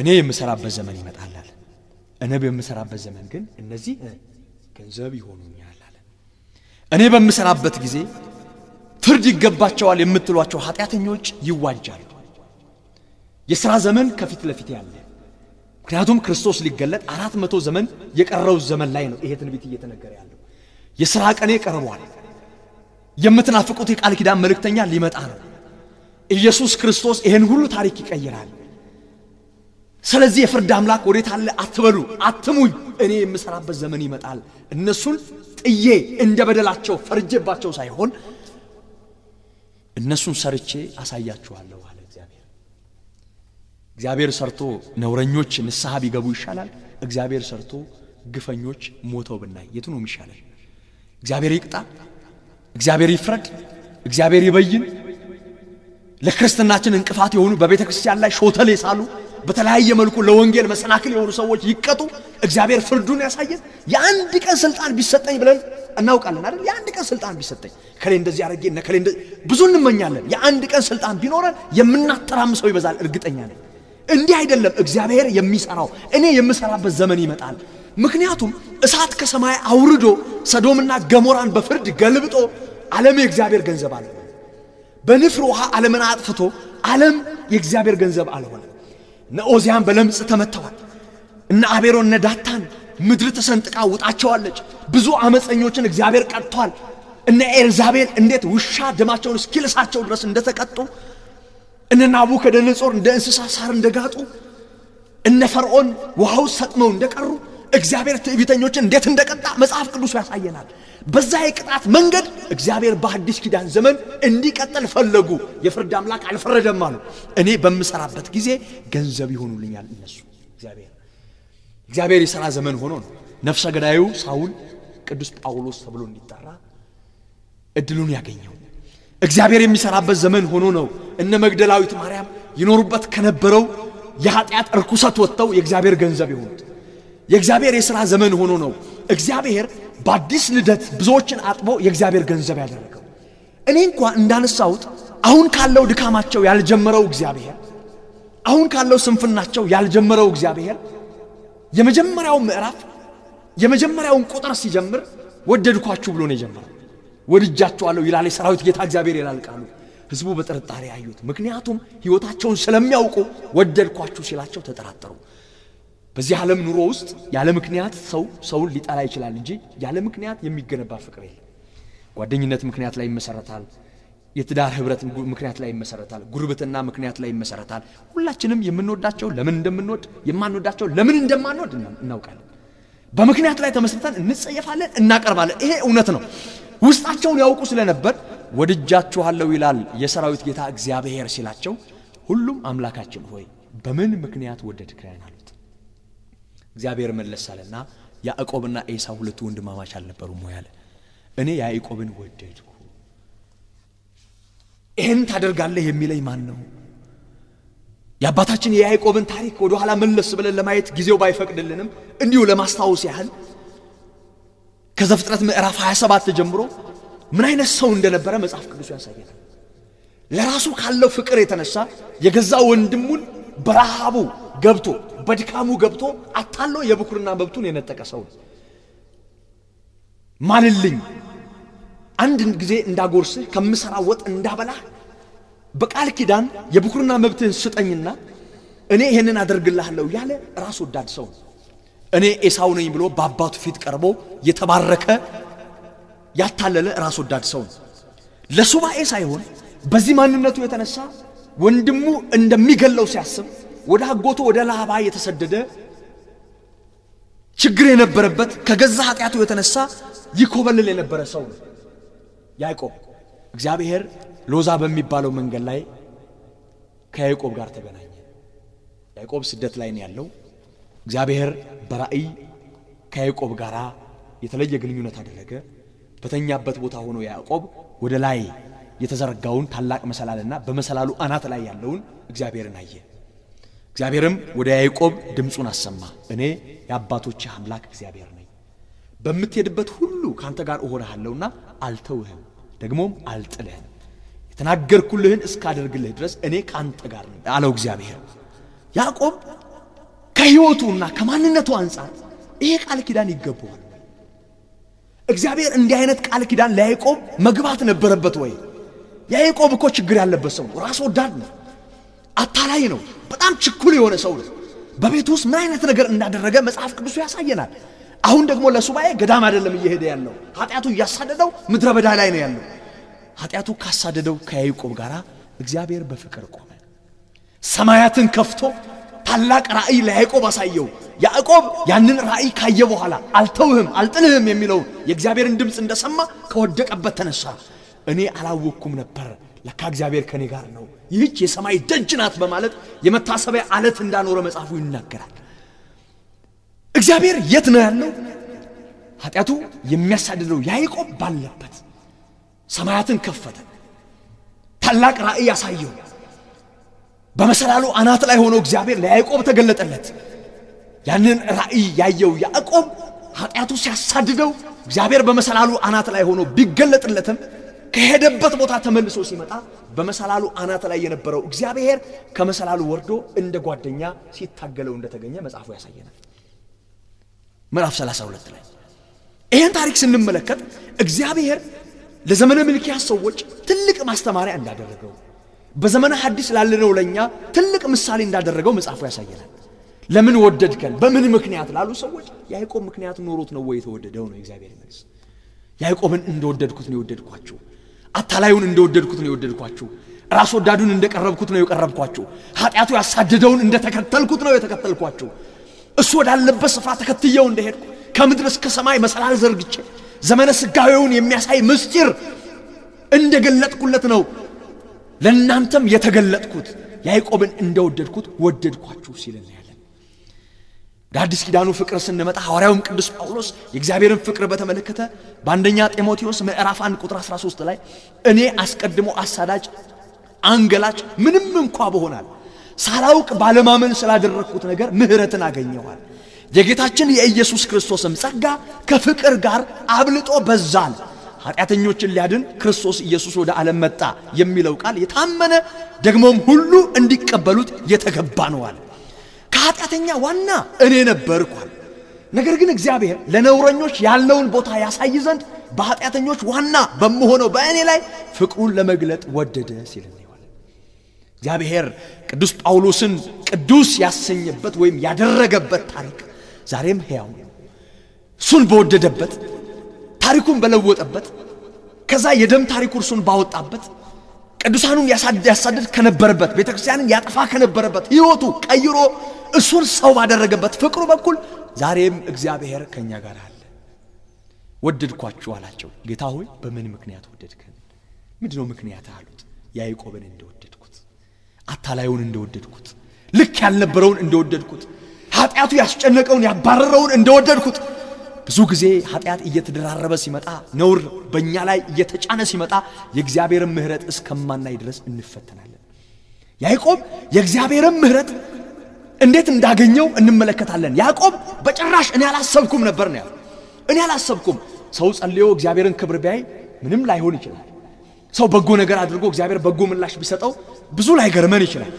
እኔ የምሰራበት ዘመን ይመጣላል። እኔ በምሰራበት ዘመን ግን እነዚህ ገንዘብ ይሆኑኛል አለ። እኔ በምሰራበት ጊዜ ፍርድ ይገባቸዋል የምትሏቸው ኃጢአተኞች ይዋጃሉ። የሥራ ዘመን ከፊት ለፊት ያለ ምክንያቱም ክርስቶስ ሊገለጥ አራት መቶ ዘመን የቀረው ዘመን ላይ ነው ይሄ ትንቢት እየተነገረ ያለው። የሥራ ቀኔ ቀርቧል። የምትናፍቁት የቃል ኪዳን መልእክተኛ ሊመጣ ነው። ኢየሱስ ክርስቶስ ይህን ሁሉ ታሪክ ይቀይራል። ስለዚህ የፍርድ አምላክ ወዴት አለ አትበሉ፣ አትሙኝ። እኔ የምሰራበት ዘመን ይመጣል። እነሱን ጥዬ እንደ በደላቸው ፈርጄባቸው ሳይሆን እነሱን ሰርቼ አሳያችኋለሁ አለ እግዚአብሔር። እግዚአብሔር ሰርቶ ነውረኞች ንስሐ ቢገቡ ይሻላል። እግዚአብሔር ሰርቶ ግፈኞች ሞተው ብናይ የቱ ነው የሚሻለን? እግዚአብሔር ይቅጣ፣ እግዚአብሔር ይፍረድ፣ እግዚአብሔር ይበይን። ለክርስትናችን እንቅፋት የሆኑ በቤተ ክርስቲያን ላይ ሾተሌ ሳሉ በተለያየ መልኩ ለወንጌል መሰናክል የሆኑ ሰዎች ይቀጡ፣ እግዚአብሔር ፍርዱን ያሳየን። የአንድ ቀን ስልጣን ቢሰጠኝ ብለን እናውቃለን አይደል? የአንድ ቀን ስልጣን ቢሰጠኝ ከሌ እንደዚህ አድርጌ እነ ከሌ ብዙ እንመኛለን። የአንድ ቀን ስልጣን ቢኖረን ሰው ይበዛል፣ እርግጠኛ ነኝ። እንዲህ አይደለም እግዚአብሔር የሚሰራው። እኔ የምሰራበት ዘመን ይመጣል። ምክንያቱም እሳት ከሰማይ አውርዶ ሰዶምና ገሞራን በፍርድ ገልብጦ ዓለም የእግዚአብሔር ገንዘብ አልሆነ። በንፍር ውሃ ዓለምን አጥፍቶ ዓለም የእግዚአብሔር ገንዘብ አልሆነ። ነኦዚያን በለምጽ ተመተዋል። እነ አቤሮን እነ ዳታን ምድር ተሰንጥቃ ውጣቸዋለች። ብዙ አመፀኞችን እግዚአብሔር ቀጥቷል። እነ ኤልዛቤል እንዴት ውሻ ደማቸውን እስኪልሳቸው ድረስ እንደተቀጡ፣ እነ ናቡከደነጾር እንደ እንስሳ ሳር እንደጋጡ፣ እነ ፈርዖን ውሃው ሰጥመው እንደቀሩ እግዚአብሔር ትዕቢተኞችን እንዴት እንደቀጣ መጽሐፍ ቅዱስ ያሳየናል። በዛ የቅጣት መንገድ እግዚአብሔር በአዲስ ኪዳን ዘመን እንዲቀጥል ፈለጉ። የፍርድ አምላክ አልፈረደም አሉ። እኔ በምሰራበት ጊዜ ገንዘብ ይሆኑልኛል እነሱ። እግዚአብሔር እግዚአብሔር የሥራ ዘመን ሆኖ ነው ነፍሰ ገዳዩ ሳውል ቅዱስ ጳውሎስ ተብሎ እንዲጠራ እድሉን ያገኘው። እግዚአብሔር የሚሰራበት ዘመን ሆኖ ነው እነ መግደላዊት ማርያም ይኖሩበት ከነበረው የኃጢአት እርኩሰት ወጥተው የእግዚአብሔር ገንዘብ የሆኑት። የእግዚአብሔር የሥራ ዘመን ሆኖ ነው እግዚአብሔር በአዲስ ልደት ብዙዎችን አጥቦ የእግዚአብሔር ገንዘብ ያደረገው። እኔ እንኳ እንዳነሳሁት አሁን ካለው ድካማቸው ያልጀመረው እግዚአብሔር፣ አሁን ካለው ስንፍናቸው ያልጀመረው እግዚአብሔር የመጀመሪያውን ምዕራፍ የመጀመሪያውን ቁጥር ሲጀምር ወደድኳችሁ ብሎ ነው የጀመረው። ወድጃችኋለሁ ይላል የሰራዊት ጌታ እግዚአብሔር ይላል ቃሉ። ሕዝቡ በጥርጣሬ አዩት፣ ምክንያቱም ሕይወታቸውን ስለሚያውቁ ወደድኳችሁ ሲላቸው ተጠራጠሩ። በዚህ ዓለም ኑሮ ውስጥ ያለ ምክንያት ሰው ሰውን ሊጠላ ይችላል እንጂ ያለ ምክንያት የሚገነባ ፍቅር የለም። ጓደኝነት ምክንያት ላይ ይመሰረታል። የትዳር ህብረት ምክንያት ላይ ይመሰረታል። ጉርብትና ምክንያት ላይ ይመሰረታል። ሁላችንም የምንወዳቸው ለምን እንደምንወድ የማንወዳቸው ለምን እንደማንወድ እናውቃለን። በምክንያት ላይ ተመስርተን እንጸየፋለን፣ እናቀርባለን። ይሄ እውነት ነው። ውስጣቸውን ያውቁ ስለነበር ወድጃችኋለሁ ይላል የሰራዊት ጌታ እግዚአብሔር ሲላቸው፣ ሁሉም አምላካችን ሆይ በምን ምክንያት ወደድከን አሉ። እግዚአብሔር መለስ አለና ያዕቆብና ኤሳው ሁለቱ ወንድማማች አልነበሩም ወይ አለ። እኔ ያዕቆብን ወደድኩ። ይህን ታደርጋለህ የሚለኝ ማን ነው? የአባታችን የያዕቆብን ታሪክ ወደ ኋላ መለስ ብለን ለማየት ጊዜው ባይፈቅድልንም እንዲሁ ለማስታወስ ያህል ከዘፍጥረት ምዕራፍ 27 ጀምሮ ምን አይነት ሰው እንደነበረ መጽሐፍ ቅዱስ ያሳየናል። ለራሱ ካለው ፍቅር የተነሳ የገዛ ወንድሙን በረሃቡ ገብቶ በድካሙ ገብቶ አታሎ የብኩርና መብቱን የነጠቀ ሰው ማልልኝ አንድ ጊዜ እንዳጎርስህ ከምሰራ ወጥ እንዳበላህ በቃል ኪዳን የብኩርና መብትህን ስጠኝና እኔ ይህንን አደርግልሃለሁ ያለ ራስ ወዳድ ሰው እኔ ኤሳው ነኝ ብሎ በአባቱ ፊት ቀርቦ የተባረከ ያታለለ ራስ ወዳድ ሰው ለሱባኤ ሳይሆን በዚህ ማንነቱ የተነሳ ወንድሙ እንደሚገለው ሲያስብ ወደ አጎቱ ወደ ላባ የተሰደደ ችግር የነበረበት ከገዛ ኃጢአቱ የተነሳ ይኮበልል የነበረ ሰው ነው ያዕቆብ። እግዚአብሔር ሎዛ በሚባለው መንገድ ላይ ከያዕቆብ ጋር ተገናኘ። ያዕቆብ ስደት ላይ ነው ያለው። እግዚአብሔር በራእይ ከያዕቆብ ጋር የተለየ ግንኙነት አደረገ። በተኛበት ቦታ ሆኖ ያዕቆብ ወደ ላይ የተዘረጋውን ታላቅ መሰላልና በመሰላሉ አናት ላይ ያለውን እግዚአብሔርን አየ። እግዚአብሔርም ወደ ያዕቆብ ድምፁን አሰማ፣ እኔ የአባቶች አምላክ እግዚአብሔር ነኝ፣ በምትሄድበት ሁሉ ከአንተ ጋር እሆንሃለሁና አልተውህም፣ ደግሞም አልጥልህም፣ የተናገርኩልህን እስካደርግልህ ድረስ እኔ ከአንተ ጋር ነኝ አለው እግዚአብሔር። ያዕቆብ ከሕይወቱና ከማንነቱ አንጻር ይሄ ቃል ኪዳን ይገባዋል። እግዚአብሔር እንዲህ አይነት ቃል ኪዳን ለያዕቆብ መግባት ነበረበት ወይ? ያዕቆብ እኮ ችግር ያለበት ሰው ነው። ራስ ወዳድ ነው። አታላይ ነው። በጣም ችኩል የሆነ ሰው ነው። በቤቱ ውስጥ ምን አይነት ነገር እንዳደረገ መጽሐፍ ቅዱሱ ያሳየናል። አሁን ደግሞ ለሱባኤ ገዳም አይደለም እየሄደ ያለው፣ ኃጢአቱ እያሳደደው ምድረ በዳ ላይ ነው ያለው። ኃጢአቱ ካሳደደው ከያዕቆብ ጋር እግዚአብሔር በፍቅር ቆመ። ሰማያትን ከፍቶ ታላቅ ራእይ ለያዕቆብ አሳየው። ያዕቆብ ያንን ራእይ ካየ በኋላ አልተውህም፣ አልጥልህም የሚለውን የእግዚአብሔርን ድምፅ እንደሰማ ከወደቀበት ተነሳ። እኔ አላወቅኩም ነበር ለካ እግዚአብሔር ከኔ ጋር ነው፣ ይህች የሰማይ ደጅ ናት በማለት የመታሰቢያ አለት እንዳኖረ መጽሐፉ ይናገራል። እግዚአብሔር የት ነው ያለው? ኃጢአቱ የሚያሳድደው ያዕቆብ ባለበት ሰማያትን ከፈተ፣ ታላቅ ራእይ ያሳየው። በመሰላሉ አናት ላይ ሆኖ እግዚአብሔር ለያዕቆብ ተገለጠለት። ያንን ራእይ ያየው ያዕቆብ ኃጢአቱ ሲያሳድደው እግዚአብሔር በመሰላሉ አናት ላይ ሆኖ ቢገለጥለትም ከሄደበት ቦታ ተመልሶ ሲመጣ በመሰላሉ አናት ላይ የነበረው እግዚአብሔር ከመሰላሉ ወርዶ እንደ ጓደኛ ሲታገለው እንደተገኘ መጽሐፉ ያሳየናል። ምዕራፍ 32 ላይ ይህን ታሪክ ስንመለከት እግዚአብሔር ለዘመነ ሚልኪያስ ሰዎች ትልቅ ማስተማሪያ እንዳደረገው በዘመነ ሐዲስ ላለነው ለእኛ ትልቅ ምሳሌ እንዳደረገው መጽሐፉ ያሳየናል። ለምን ወደድከን በምን ምክንያት ላሉ ሰዎች ያዕቆብ ምክንያት ኖሮት ነው ወይ የተወደደው ነው። እግዚአብሔር መልስ ያዕቆብን እንደወደድኩት ነው የወደድኳቸው አታላዩን እንደወደድኩት ነው የወደድኳችሁ። ራስ ወዳዱን እንደቀረብኩት ነው የቀረብኳችሁ። ኃጢአቱ ያሳደደውን እንደተከተልኩት ነው የተከተልኳችሁ። እሱ ወዳለበት ስፍራ ተከትየው እንደሄድኩ ከምድር እስከ ሰማይ መሰላል ዘርግቼ ዘመነ ስጋዊውን የሚያሳይ ምስጢር እንደገለጥኩለት ነው ለእናንተም የተገለጥኩት። ያዕቆብን እንደወደድኩት ወደድኳችሁ ሲለን አዲስ ኪዳኑ ፍቅር ስንመጣ ሐዋርያውም ቅዱስ ጳውሎስ የእግዚአብሔርን ፍቅር በተመለከተ በአንደኛ ጢሞቴዎስ ምዕራፍ 1 ቁጥር 13 ላይ እኔ አስቀድሞ አሳዳጅ፣ አንገላጭ ምንም እንኳ በሆናል ሳላውቅ ባለማመን ስላደረግኩት ነገር ምሕረትን አገኘዋል። የጌታችን የኢየሱስ ክርስቶስም ጸጋ ከፍቅር ጋር አብልጦ በዛል። ኃጢአተኞችን ሊያድን ክርስቶስ ኢየሱስ ወደ ዓለም መጣ የሚለው ቃል የታመነ ደግሞም ሁሉ እንዲቀበሉት የተገባ ነዋል። ከኃጢአተኛ ዋና እኔ ነበርኳል። ነገር ግን እግዚአብሔር ለነውረኞች ያለውን ቦታ ያሳይ ዘንድ በኃጢአተኞች ዋና በምሆነው በእኔ ላይ ፍቅሩን ለመግለጥ ወደደ ሲል እግዚአብሔር ቅዱስ ጳውሎስን ቅዱስ ያሰኘበት ወይም ያደረገበት ታሪክ ዛሬም ሕያው ነው። እሱን በወደደበት ታሪኩን በለወጠበት ከዛ የደም ታሪኩ እርሱን ባወጣበት ቅዱሳኑን ያሳድድ ከነበረበት ቤተ ክርስቲያንን ያጠፋ ከነበረበት ህይወቱ ቀይሮ እሱን ሰው ባደረገበት ፍቅሩ በኩል ዛሬም እግዚአብሔር ከእኛ ጋር አለ። ወደድኳችሁ አላቸው። ጌታ ሆይ በምን ምክንያት ወደድከን? ምንድነው ምክንያት አሉት። ያዕቆብን እንደወደድኩት፣ አታላዩን እንደወደድኩት፣ ልክ ያልነበረውን እንደወደድኩት፣ ኃጢአቱ ያስጨነቀውን ያባረረውን እንደወደድኩት ብዙ ጊዜ ኃጢአት እየተደራረበ ሲመጣ ነውር በእኛ ላይ እየተጫነ ሲመጣ የእግዚአብሔርን ምሕረት እስከማናይ ድረስ እንፈተናለን። ያዕቆብ የእግዚአብሔርን ምሕረት እንዴት እንዳገኘው እንመለከታለን። ያዕቆብ በጭራሽ እኔ አላሰብኩም ነበር ነው ያለው። እኔ አላሰብኩም። ሰው ጸልዮ እግዚአብሔርን ክብር ቢያይ ምንም ላይሆን ይችላል። ሰው በጎ ነገር አድርጎ እግዚአብሔር በጎ ምላሽ ቢሰጠው ብዙ ላይገርመን ይችላል።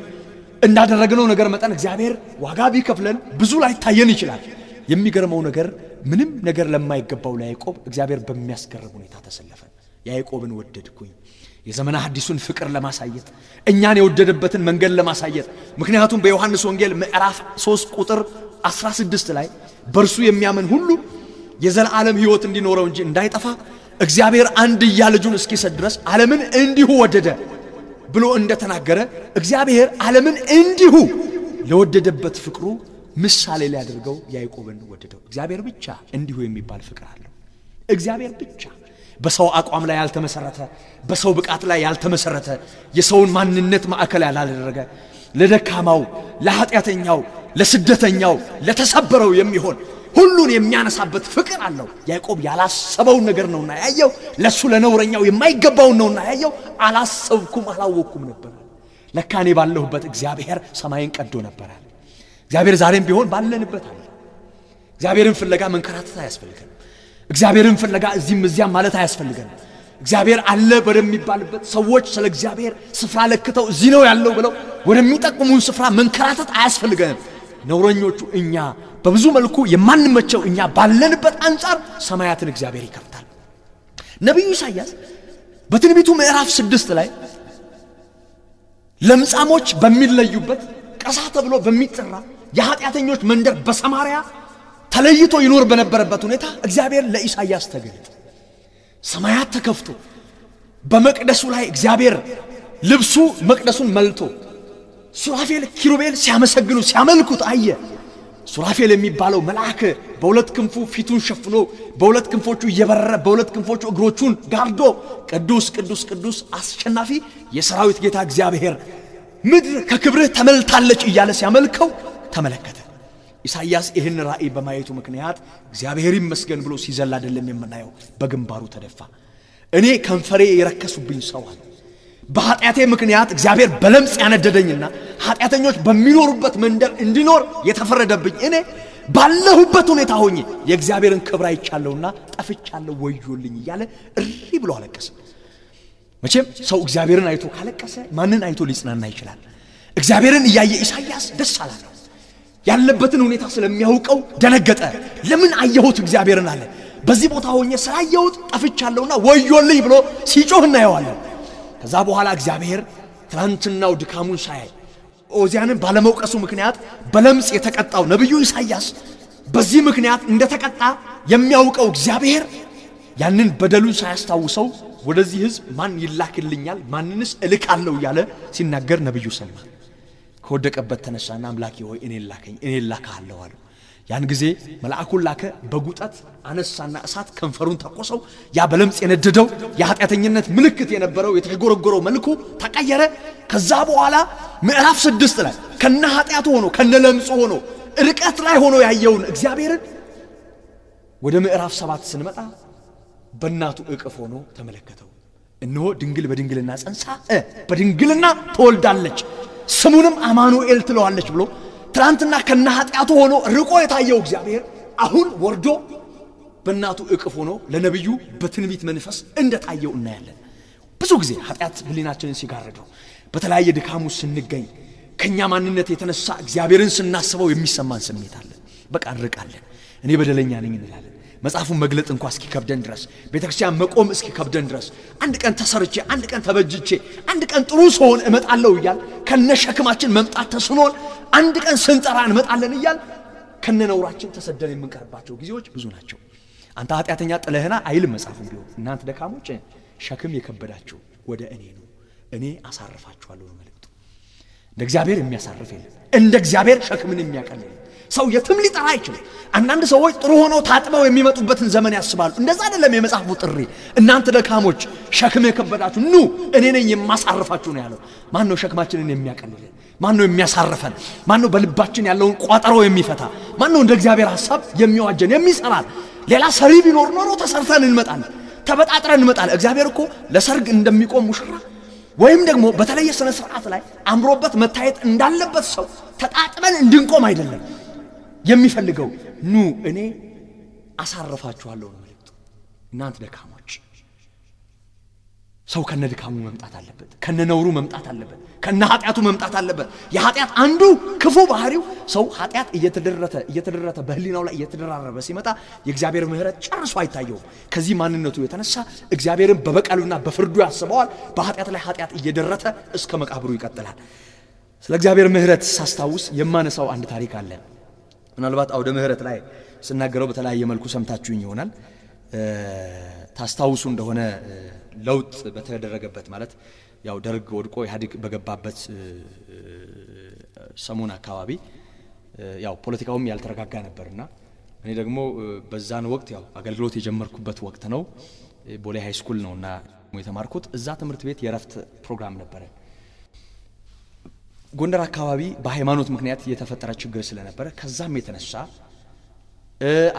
እንዳደረግነው ነገር መጠን እግዚአብሔር ዋጋ ቢከፍለን ብዙ ላይታየን ይችላል። የሚገርመው ነገር ምንም ነገር ለማይገባው ለያዕቆብ እግዚአብሔር በሚያስገርም ሁኔታ ተሰለፈ። ያዕቆብን ወደድኩኝ የዘመነ አዲሱን ፍቅር ለማሳየት እኛን የወደደበትን መንገድ ለማሳየት ምክንያቱም በዮሐንስ ወንጌል ምዕራፍ 3 ቁጥር 16 ላይ በእርሱ የሚያምን ሁሉ የዘላለም ሕይወት እንዲኖረው እንጂ እንዳይጠፋ እግዚአብሔር አንድያ ልጁን እስኪሰጥ ድረስ ዓለምን እንዲሁ ወደደ ብሎ እንደተናገረ እግዚአብሔር ዓለምን እንዲሁ ለወደደበት ፍቅሩ ምሳሌ ሊያደርገው ያዕቆብን ወደደው። እግዚአብሔር ብቻ እንዲሁ የሚባል ፍቅር አለው። እግዚአብሔር ብቻ በሰው አቋም ላይ ያልተመሰረተ፣ በሰው ብቃት ላይ ያልተመሰረተ፣ የሰውን ማንነት ማዕከል ያላደረገ፣ ለደካማው፣ ለኃጢአተኛው፣ ለስደተኛው፣ ለተሰበረው የሚሆን ሁሉን የሚያነሳበት ፍቅር አለው። ያዕቆብ ያላሰበውን ነገር ነውና ያየው። ለእሱ ለነውረኛው የማይገባውን ነውና ያየው። አላሰብኩም፣ አላወቅኩም ነበር። ለካኔ ባለሁበት እግዚአብሔር ሰማይን ቀዶ ነበራል። እግዚአብሔር ዛሬም ቢሆን ባለንበት አለ። እግዚአብሔርን ፍለጋ መንከራተት አያስፈልገንም። እግዚአብሔርን ፍለጋ እዚህም እዚያም ማለት አያስፈልገንም። እግዚአብሔር አለ ወደሚባልበት ሰዎች ስለ እግዚአብሔር ስፍራ ለክተው እዚህ ነው ያለው ብለው ወደሚጠቁሙን ስፍራ መንከራተት አያስፈልገንም። ነውረኞቹ እኛ በብዙ መልኩ የማንመቸው እኛ ባለንበት አንጻር ሰማያትን እግዚአብሔር ይከፍታል። ነቢዩ ኢሳያስ በትንቢቱ ምዕራፍ ስድስት ላይ ለምጻሞች በሚለዩበት ቀሳ ተብሎ በሚጠራ የኃጢአተኞች መንደር በሰማርያ ተለይቶ ይኖር በነበረበት ሁኔታ እግዚአብሔር ለኢሳይያስ ተገለጠ። ሰማያት ተከፍቶ በመቅደሱ ላይ እግዚአብሔር ልብሱ መቅደሱን መልቶ ሱራፌል ኪሩቤል ሲያመሰግኑ ሲያመልኩት አየ። ሱራፌል የሚባለው መልአክ በሁለት ክንፉ ፊቱን ሸፍኖ በሁለት ክንፎቹ እየበረረ በሁለት ክንፎቹ እግሮቹን ጋርዶ ቅዱስ ቅዱስ ቅዱስ አስሸናፊ የሰራዊት ጌታ እግዚአብሔር ምድር ከክብርህ ተመልታለች እያለ ሲያመልከው ተመለከተ። ኢሳይያስ ይህን ራእይ በማየቱ ምክንያት እግዚአብሔር ይመስገን ብሎ ሲዘል አይደለም የምናየው፣ በግንባሩ ተደፋ። እኔ ከንፈሬ የረከሱብኝ ሰው አለ። በኃጢአቴ ምክንያት እግዚአብሔር በለምጽ ያነደደኝና ኃጢአተኞች በሚኖሩበት መንደር እንዲኖር የተፈረደብኝ እኔ ባለሁበት ሁኔታ ሆኜ የእግዚአብሔርን ክብር አይቻለሁና ጠፍቻለሁ፣ ወዮልኝ እያለ እሪ ብሎ አለቀሰ። መቼም ሰው እግዚአብሔርን አይቶ ካለቀሰ ማንን አይቶ ሊጽናና ይችላል? እግዚአብሔርን እያየ ኢሳይያስ ደስ አላለ። ያለበትን ሁኔታ ስለሚያውቀው ደነገጠ። ለምን አየሁት እግዚአብሔርን አለ። በዚህ ቦታ ሆኜ ስላየሁት ጠፍቻለሁና ወዮልኝ ብሎ ሲጮህ እናየዋለን። ከዛ በኋላ እግዚአብሔር ትናንትናው ድካሙን ሳያይ ኦዚያንን ባለመውቀሱ ምክንያት በለምጽ የተቀጣው ነቢዩ ኢሳያስ በዚህ ምክንያት እንደተቀጣ የሚያውቀው እግዚአብሔር ያንን በደሉን ሳያስታውሰው ወደዚህ ሕዝብ ማን ይላክልኛል፣ ማንንስ እልካለሁ እያለ ሲናገር ነቢዩ ሰማ። ከወደቀበት ተነሳና አምላኬ ሆይ እኔ ላከኝ እኔ ላካለሁ አለው። ያን ጊዜ መልአኩን ላከ። በጉጠት አነሳና እሳት ከንፈሩን ተቆሰው። ያ በለምጽ የነደደው የኃጢአተኝነት ምልክት የነበረው የተጎረጎረው መልኩ ተቀየረ። ከዛ በኋላ ምዕራፍ ስድስት ላይ ከነ ኃጢአቱ ሆኖ ከነ ለምጹ ሆኖ ርቀት ላይ ሆኖ ያየውን እግዚአብሔርን ወደ ምዕራፍ ሰባት ስንመጣ በእናቱ እቅፍ ሆኖ ተመለከተው። እነሆ ድንግል በድንግልና ጸንሳ በድንግልና ትወልዳለች ስሙንም አማኑኤል ትለዋለች ብሎ ትናንትና ከነ ኃጢአቱ ሆኖ ርቆ የታየው እግዚአብሔር አሁን ወርዶ በእናቱ እቅፍ ሆኖ ለነቢዩ በትንቢት መንፈስ እንደታየው እናያለን። ብዙ ጊዜ ኃጢአት ህሊናችንን ሲጋረደው በተለያየ ድካሙ ስንገኝ ከእኛ ማንነት የተነሳ እግዚአብሔርን ስናስበው የሚሰማን ስሜት አለን። በቃ እንርቃለን። እኔ በደለኛ ነኝ እንላለን። መጽሐፉን መግለጥ እንኳ እስኪ ከብደን ድረስ ቤተ ክርስቲያን መቆም እስኪ ከብደን ድረስ አንድ ቀን ተሰርቼ አንድ ቀን ተበጅቼ አንድ ቀን ጥሩ ሰሆን እመጣለሁ እያል ከነሸክማችን መምጣት ተስኖን አንድ ቀን ስንጠራ እንመጣለን እያል ከነነውራችን ተሰደን የምንቀርባቸው ጊዜዎች ብዙ ናቸው። አንተ ኃጢአተኛ ጥለህና አይልም መጽሐፉም ቢሆን እናንተ ደካሞች ሸክም የከበዳችሁ ወደ እኔ ነው እኔ አሳርፋችኋለሁ ነው መልእክቱ። እንደ እግዚአብሔር የሚያሳርፍ የለም። እንደ እግዚአብሔር ሸክምን የሚያቀል የለም። ሰው የትም ሊጠራ አይችልም። አንዳንድ ሰዎች ጥሩ ሆነው ታጥበው የሚመጡበትን ዘመን ያስባሉ። እንደዛ አይደለም የመጽሐፉ ጥሪ። እናንተ ደካሞች፣ ሸክም የከበዳችሁ ኑ እኔ ነኝ የማሳርፋችሁ ነው ያለው። ማን ነው ሸክማችንን የሚያቀልልን? ማን ነው የሚያሳርፈን? ማን ነው በልባችን ያለውን ቋጠሮ የሚፈታ? ማን ነው እንደ እግዚአብሔር ሐሳብ የሚዋጀን የሚሰራል? ሌላ ሰሪ ቢኖር ኖሮ ተሰርተን እንመጣለን፣ ተበጣጥረን እንመጣለን። እግዚአብሔር እኮ ለሰርግ እንደሚቆም ሙሽራ ወይም ደግሞ በተለየ ስነ ስርዓት ላይ አምሮበት መታየት እንዳለበት ሰው ተጣጥበን እንድንቆም አይደለም የሚፈልገው ኑ እኔ አሳርፋችኋለሁ ነው መልእክቱ። እናንት ደካሞች ሰው ከነ ድካሙ መምጣት አለበት፣ ከነ ነውሩ መምጣት አለበት፣ ከነ ኃጢአቱ መምጣት አለበት። የኃጢአት አንዱ ክፉ ባህሪው ሰው ኃጢአት እየተደረተ እየተደረተ በህሊናው ላይ እየተደራረበ ሲመጣ የእግዚአብሔር ምህረት ጨርሶ አይታየውም። ከዚህ ማንነቱ የተነሳ እግዚአብሔርን በበቀሉና በፍርዱ ያስበዋል። በኃጢአት ላይ ኃጢአት እየደረተ እስከ መቃብሩ ይቀጥላል። ስለ እግዚአብሔር ምህረት ሳስታውስ የማነሳው አንድ ታሪክ አለ። ምናልባት አውደ ምህረት ላይ ስናገረው በተለያየ መልኩ ሰምታችሁኝ ይሆናል። ታስታውሱ እንደሆነ ለውጥ በተደረገበት ማለት ያው ደርግ ወድቆ ኢህአዴግ በገባበት ሰሞን አካባቢ ያው ፖለቲካውም ያልተረጋጋ ነበርና እኔ ደግሞ በዛን ወቅት ያው አገልግሎት የጀመርኩበት ወቅት ነው። ቦሌ ነው ነውና የተማርኩት። እዛ ትምህርት ቤት የረፍት ፕሮግራም ነበረ። ጎንደር አካባቢ በሃይማኖት ምክንያት የተፈጠረ ችግር ስለነበረ ከዛም የተነሳ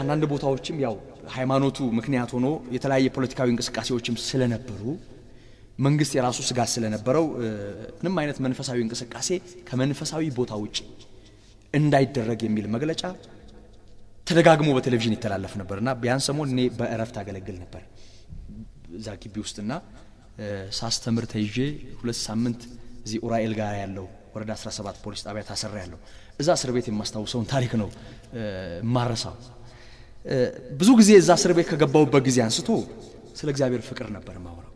አንዳንድ ቦታዎችም ያው ሃይማኖቱ ምክንያት ሆኖ የተለያየ ፖለቲካዊ እንቅስቃሴዎችም ስለነበሩ መንግስት የራሱ ስጋት ስለነበረው ምንም አይነት መንፈሳዊ እንቅስቃሴ ከመንፈሳዊ ቦታ ውጭ እንዳይደረግ የሚል መግለጫ ተደጋግሞ በቴሌቪዥን ይተላለፍ ነበር እና ቢያንስ ሰሞን እኔ በእረፍት አገለግል ነበር እዛ ግቢ ውስጥና ሳስተምር ተይዤ ሁለት ሳምንት እዚህ ኡራኤል ጋር ያለው ወረዳ 17 ፖሊስ ጣቢያ ታሰራ ያለው እዛ እስር ቤት የማስታውሰውን ታሪክ ነው ማረሳው። ብዙ ጊዜ እዛ እስር ቤት ከገባሁበት ጊዜ አንስቶ ስለ እግዚአብሔር ፍቅር ነበር ማውራው።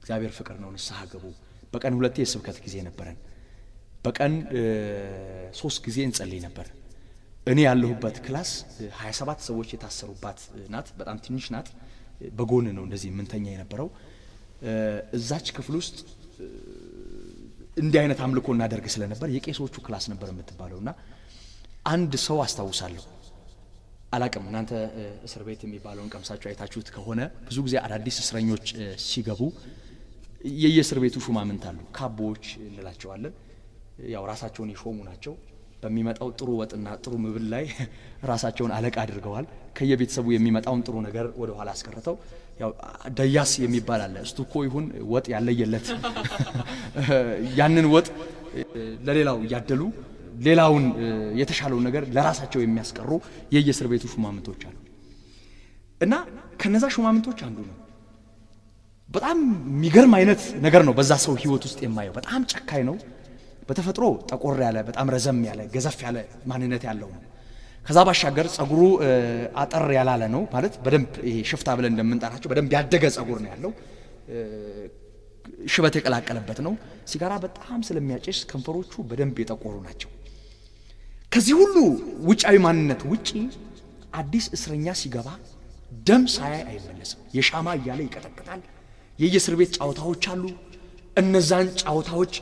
እግዚአብሔር ፍቅር ነው፣ ንስሐ ግቡ። በቀን ሁለቴ የስብከት ጊዜ ነበረን። በቀን ሶስት ጊዜ እንጸልይ ነበር። እኔ ያለሁበት ክላስ 27 ሰዎች የታሰሩባት ናት። በጣም ትንሽ ናት። በጎን ነው እንደዚህ የምንተኛ የነበረው እዛች ክፍል ውስጥ እንዲህ አይነት አምልኮ እናደርግ ስለነበር የቄሶቹ ክላስ ነበር የምትባለው ና አንድ ሰው አስታውሳለሁ አላቅም እናንተ እስር ቤት የሚባለውን ቀምሳቸው አይታችሁት ከሆነ ብዙ ጊዜ አዳዲስ እስረኞች ሲገቡ የየእስር ቤቱ ሹማምንት አሉ ካቦዎች እንላቸዋለን ያው ራሳቸውን የሾሙ ናቸው በሚመጣው ጥሩ ወጥና ጥሩ ምብል ላይ ራሳቸውን አለቃ አድርገዋል ከየቤተሰቡ የሚመጣውን ጥሩ ነገር ወደ ኋላ አስቀርተው ያው ደያስ የሚባል አለ። እስቱኮ ይሁን ወጥ ያለየለት ያንን ወጥ ለሌላው እያደሉ ሌላውን የተሻለውን ነገር ለራሳቸው የሚያስቀሩ የየእስር ቤቱ ሹማምንቶች አሉ እና ከነዛ ሹማምንቶች አንዱ ነው። በጣም የሚገርም አይነት ነገር ነው በዛ ሰው ህይወት ውስጥ የማየው። በጣም ጨካኝ ነው በተፈጥሮ ጠቆር ያለ በጣም ረዘም ያለ ገዘፍ ያለ ማንነት ያለው ነው። ከዛ ባሻገር ጸጉሩ አጠር ያላለ ነው ማለት በደንብ ይሄ ሽፍታ ብለን እንደምንጠራቸው በደንብ ያደገ ጸጉር ነው ያለው። ሽበት የቀላቀለበት ነው። ሲጋራ በጣም ስለሚያጨስ ከንፈሮቹ በደንብ የጠቆሩ ናቸው። ከዚህ ሁሉ ውጫዊ ማንነት ውጪ አዲስ እስረኛ ሲገባ ደም ሳያይ አይመለስም። የሻማ እያለ ይቀጠቅጣል። የየእስር ቤት ጨዋታዎች አሉ። እነዛን ጨዋታዎች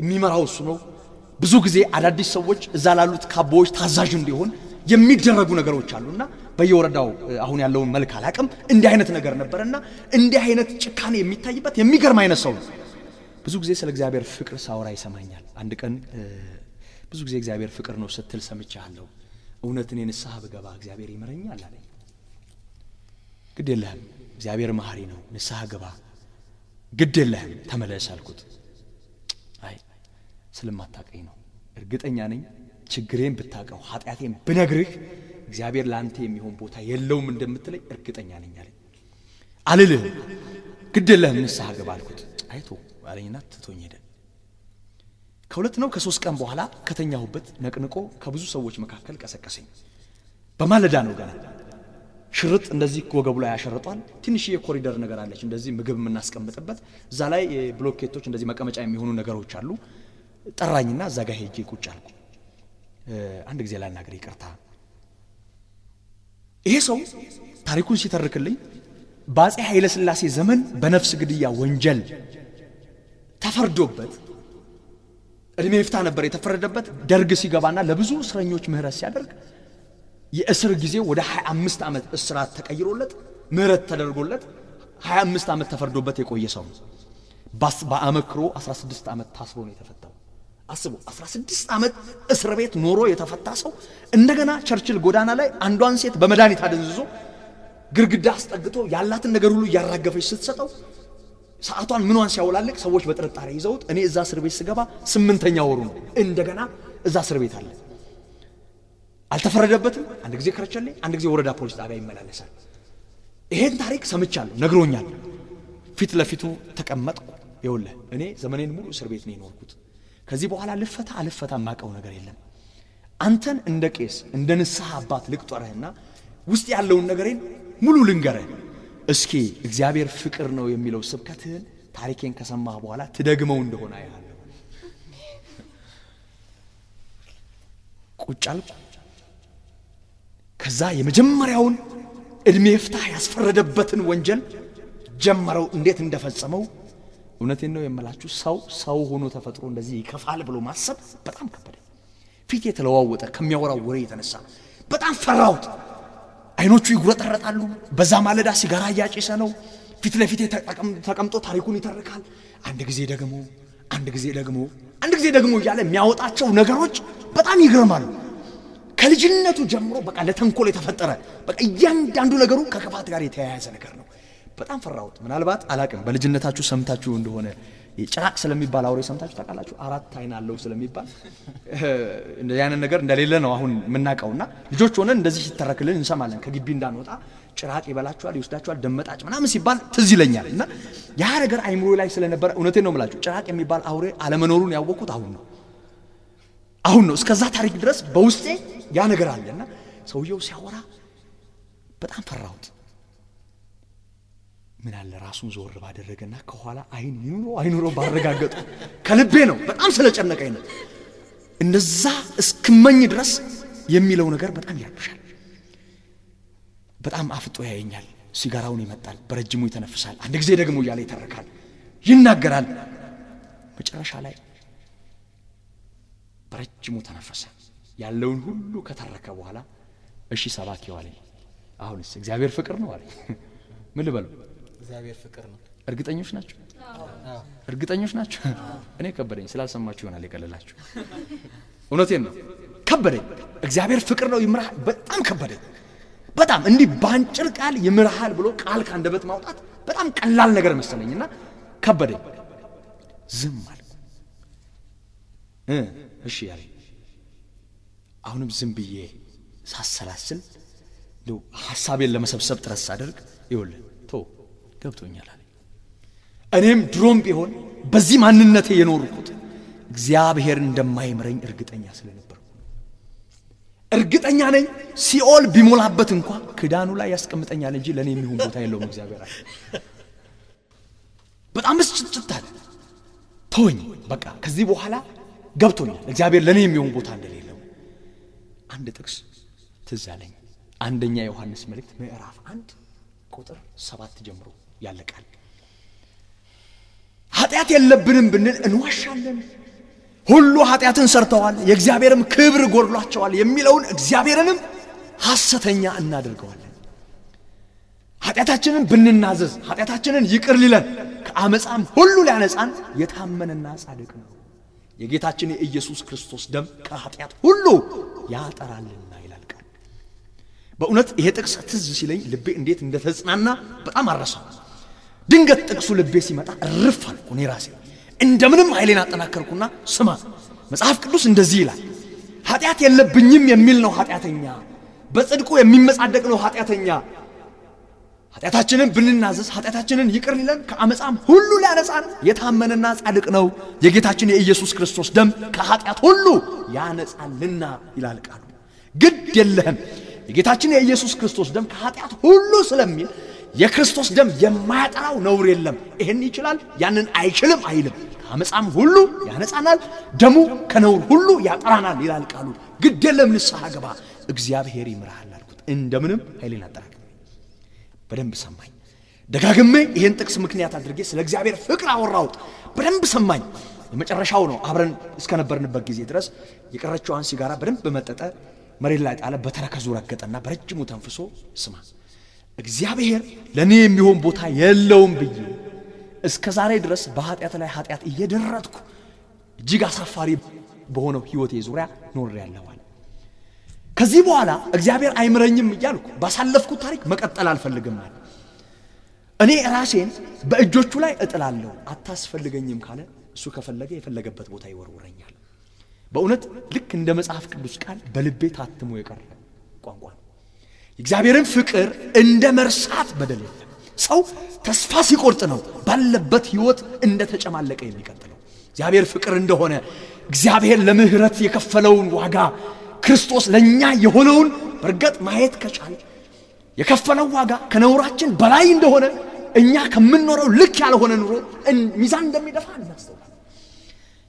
የሚመራው እሱ ነው። ብዙ ጊዜ አዳዲስ ሰዎች እዛ ላሉት ካቦዎች ታዛዥ እንዲሆን የሚደረጉ ነገሮች አሉና በየወረዳው አሁን ያለውን መልክ አላቅም፣ እንዲህ አይነት ነገር ነበርና እንዲህ አይነት ጭካኔ የሚታይበት የሚገርም አይነት ሰው ነው። ብዙ ጊዜ ስለ እግዚአብሔር ፍቅር ሳውራ ይሰማኛል። አንድ ቀን ብዙ ጊዜ እግዚአብሔር ፍቅር ነው ስትል ሰምቻለሁ። እውነት እኔ ንስሐ ብገባ እግዚአብሔር ይምረኛል አለኝ። ግድ የለህም እግዚአብሔር መሀሪ ነው፣ ንስሐ ግባ፣ ግድ የለህም ተመለስ አልኩት። አይ ስለማታቀኝ ነው እርግጠኛ ነኝ ችግሬን ብታቀው ኃጢአቴን ብነግርህ እግዚአብሔር ለአንተ የሚሆን ቦታ የለውም እንደምትለኝ እርግጠኛ ነኝ አለኝ። አልልህም፣ ግድ ንስሐ ግባ አልኩት። አይቶ አለኝና ትቶኝ ሄደ። ከሁለት ነው ከሶስት ቀን በኋላ ከተኛሁበት ነቅንቆ ከብዙ ሰዎች መካከል ቀሰቀሰኝ። በማለዳ ነው ገና ሽርጥ እንደዚህ ወገቡ ላይ ያሸርጧል። ትንሽ የኮሪደር ነገር አለች እንደዚህ ምግብ የምናስቀምጥበት እዛ ላይ ብሎኬቶች እንደዚህ መቀመጫ የሚሆኑ ነገሮች አሉ። ጠራኝና እዛ ጋር ሄጄ ቁጭ አልኩ። አንድ ጊዜ ላናገር ይቅርታ። ይሄ ሰው ታሪኩን ሲተርክልኝ በአፄ ስላሴ ዘመን በነፍስ ግድያ ወንጀል ተፈርዶበት እድሜ ይፍታ ነበር የተፈረደበት። ደርግ ሲገባና ለብዙ እስረኞች ምህረት ሲያደርግ የእስር ጊዜ ወደ 25 ዓመት እስራት ተቀይሮለት ምህረት ተደርጎለት 25 ዓመት ተፈርዶበት የቆየ ሰው ነው። በአመክሮ 16 ዓመት ታስሮ ነው የተፈታው። አስቡ 16 ዓመት እስር ቤት ኖሮ የተፈታ ሰው እንደገና ቸርችል ጎዳና ላይ አንዷን ሴት በመድኃኒት አደንዝዞ ግድግዳ አስጠግቶ ያላትን ነገር ሁሉ እያራገፈች ስትሰጠው ሰዓቷን ምኗን ሲያወላልቅ ሰዎች በጥርጣሬ ይዘውት እኔ እዛ እስር ቤት ስገባ ስምንተኛ ወሩ ነው። እንደገና እዛ እስር ቤት አለ። አልተፈረደበትም። አንድ ጊዜ ከረቸሌ አንድ ጊዜ ወረዳ ፖሊስ ጣቢያ ይመላለሳል። ይሄን ታሪክ ሰምቻለሁ፣ ነግሮኛል። ፊት ለፊቱ ተቀመጥኩ። ይኸውልህ እኔ ዘመኔን ሙሉ እስር ቤት ነው የኖርኩት ከዚህ በኋላ ልፈታ አልፈታ ማቀው ነገር የለም። አንተን እንደ ቄስ እንደ ንስሐ አባት ልቅጠርህና ውስጥ ያለውን ነገሬን ሙሉ ልንገረ እስኪ እግዚአብሔር ፍቅር ነው የሚለው ስብከትህን ታሪኬን ከሰማህ በኋላ ትደግመው እንደሆነ ያለ ቁጫል ከዛ የመጀመሪያውን ዕድሜ ፍታህ ያስፈረደበትን ወንጀል ጀመረው፣ እንዴት እንደፈጸመው እውነቴን ነው የምላችሁ ሰው ሰው ሆኖ ተፈጥሮ እንደዚህ ይከፋል ብሎ ማሰብ በጣም ከበደ ፊት የተለዋወጠ ከሚያወራው ወሬ የተነሳ በጣም ፈራሁት አይኖቹ ይጉረጠረጣሉ በዛ ማለዳ ሲጋራ እያጨሰ ነው ፊት ለፊት ተቀምጦ ታሪኩን ይተርካል አንድ ጊዜ ደግሞ አንድ ጊዜ ደግሞ አንድ ጊዜ ደግሞ እያለ የሚያወጣቸው ነገሮች በጣም ይገርማሉ ከልጅነቱ ጀምሮ በቃ ለተንኮል የተፈጠረ በቃ እያንዳንዱ ነገሩ ከክፋት ጋር የተያያዘ ነገር ነው በጣም ፈራሁት። ምናልባት አላቅም በልጅነታችሁ ሰምታችሁ እንደሆነ ጭራቅ ስለሚባል አውሬ ሰምታችሁ ታውቃላችሁ? አራት አይን አለው ስለሚባል ያንን ነገር እንደሌለ ነው አሁን እና ልጆች ሆነን እንደዚህ ሲተረክልን እንሰማለን። ከግቢ እንዳንወጣ ጭራቅ ይበላችኋል፣ ይወስዳችኋል፣ ደመጣጭ ምናምን ሲባል ትዝ ይለኛል። እና ያ ነገር አይምሮ ላይ ስለነበረ እውነቴ ነው የምላችሁ ጭራቅ የሚባል አውሬ አለመኖሩን ያወቅኩት አሁን ነው አሁን ነው። እስከዛ ታሪክ ድረስ በውስጤ ያ ነገር አለ እና ሰውየው ሲያወራ በጣም ፈራሁት። ምን አለ ራሱን ዞር ባደረገና ከኋላ አይን ይኑሮ አይኑሮ ባረጋገጡ ከልቤ ነው። በጣም ስለጨነቀ አይነት እንደዛ እስክመኝ ድረስ የሚለው ነገር በጣም ይረብሻል። በጣም አፍጦ ያየኛል። ሲጋራውን ይመጣል፣ በረጅሙ ይተነፍሳል። አንድ ጊዜ ደግሞ እያለ ይተረካል ይናገራል። መጨረሻ ላይ በረጅሙ ተነፈሰ። ያለውን ሁሉ ከተረከ በኋላ እሺ ሰባኪው አለኝ፣ አሁንስ እግዚአብሔር ፍቅር ነው አለኝ። ምን ልበለው እግዚአብሔር ፍቅር ነው። እርግጠኞች ናቸው? እርግጠኞች ናቸው? እኔ ከበደኝ ስላልሰማችሁ ይሆናል የቀለላችሁ። እውነቴን ነው ከበደኝ። እግዚአብሔር ፍቅር ነው ይምራ። በጣም ከበደኝ። በጣም እንዲህ በአንጭር ቃል ይምርሃል ብሎ ቃል ካንደበት ማውጣት በጣም ቀላል ነገር መሰለኝና ከበደኝ። ዝም አልኩ። እሺ ያለኝ አሁንም ዝም ብዬ ሳሰላስል ሀሳቤን ለመሰብሰብ ጥረት ሳደርግ ይውልን ገብቶኛል አለ። እኔም ድሮም ቢሆን በዚህ ማንነቴ የኖርኩት እግዚአብሔር እንደማይምረኝ እርግጠኛ ስለነበርኩ እርግጠኛ ነኝ። ሲኦል ቢሞላበት እንኳ ክዳኑ ላይ ያስቀምጠኛል እንጂ ለእኔ የሚሆን ቦታ የለውም። እግዚአብሔር በጣም ብስጭጭት አለ። ተወኝ፣ በቃ ከዚህ በኋላ ገብቶኛል። እግዚአብሔር ለእኔ የሚሆን ቦታ እንደሌለው አንድ ጥቅስ ትዛለኝ አንደኛ ዮሐንስ መልእክት ምዕራፍ አንድ ቁጥር ሰባት ጀምሮ ያለቃል። ኃጢአት የለብንም ብንል እንዋሻለን። ሁሉ ኃጢአትን ሰርተዋል፣ የእግዚአብሔርም ክብር ጎድሏቸዋል የሚለውን እግዚአብሔርንም ሐሰተኛ እናደርገዋለን። ኃጢአታችንን ብንናዘዝ ኃጢአታችንን ይቅር ሊለን ከአመፃም ሁሉ ሊያነጻን የታመንና ጻድቅ ነው። የጌታችን የኢየሱስ ክርስቶስ ደም ከኃጢአት ሁሉ ያጠራልና ይላል ቃል። በእውነት ይሄ ጥቅስ ትዝ ሲለኝ ልቤ እንዴት እንደተጽናና በጣም አረሳው። ድንገት ጥቅሱ ልቤ ሲመጣ እርፍ አልኩ። እኔ ራሴ እንደምንም ኃይሌን አጠናከርኩና ስማ መጽሐፍ ቅዱስ እንደዚህ ይላል፣ ኃጢአት የለብኝም የሚል ነው ኃጢአተኛ፣ በጽድቁ የሚመጻደቅ ነው ኃጢአተኛ። ኃጢአታችንን ብንናዘዝ ኃጢአታችንን ይቅር ሊለን ከአመፃም ሁሉ ሊያነጻን የታመነና ጻድቅ ነው። የጌታችን የኢየሱስ ክርስቶስ ደም ከኃጢአት ሁሉ ያነጻልና ይላል ቃሉ። ግድ የለህም የጌታችን የኢየሱስ ክርስቶስ ደም ከኃጢአት ሁሉ ስለሚል የክርስቶስ ደም የማያጠራው ነውር የለም። ይህን ይችላል ያንን አይችልም አይልም። ከአመፃም ሁሉ ያነጻናል፣ ደሙ ከነውር ሁሉ ያጠራናል ይላል ቃሉ። ግድ የለም ንስሐ ገባ፣ እግዚአብሔር ይምርሃል አልኩት። እንደምንም ኃይሌን አጠራቅም በደንብ ሰማኝ። ደጋግሜ ይህን ጥቅስ ምክንያት አድርጌ ስለ እግዚአብሔር ፍቅር አወራሁት። በደንብ ሰማኝ። የመጨረሻው ነው። አብረን እስከነበርንበት ጊዜ ድረስ የቀረችዋን ሲጋራ በደንብ በመጠጠ መሬት ላይ ጣለ። በተረከዙ ረገጠና በረጅሙ ተንፍሶ ስማ እግዚአብሔር ለእኔ የሚሆን ቦታ የለውም ብዬ እስከ ዛሬ ድረስ በኃጢአት ላይ ኃጢአት እየደረትኩ እጅግ አሳፋሪ በሆነው ሕይወቴ ዙሪያ ያለዋል። ከዚህ በኋላ እግዚአብሔር አይምረኝም እያልኩ ባሳለፍኩት ታሪክ መቀጠል አልፈልግም ማለት እኔ ራሴን በእጆቹ ላይ እጥላለሁ። አታስፈልገኝም ካለ እሱ ከፈለገ የፈለገበት ቦታ ይወርውረኛል። በእውነት ልክ እንደ መጽሐፍ ቅዱስ ቃል በልቤ ታትሞ የቀረ ቋንቋ ነው። የእግዚአብሔርን ፍቅር እንደ መርሳት በደል የለም። ሰው ተስፋ ሲቆርጥ ነው ባለበት ህይወት እንደ ተጨማለቀ የሚቀጥለው። እግዚአብሔር ፍቅር እንደሆነ እግዚአብሔር ለምህረት የከፈለውን ዋጋ ክርስቶስ ለእኛ የሆነውን በእርግጥ ማየት ከቻል የከፈለው ዋጋ ከነውራችን በላይ እንደሆነ እኛ ከምንኖረው ልክ ያልሆነ ኑሮ ሚዛን እንደሚደፋ እናስተውላል።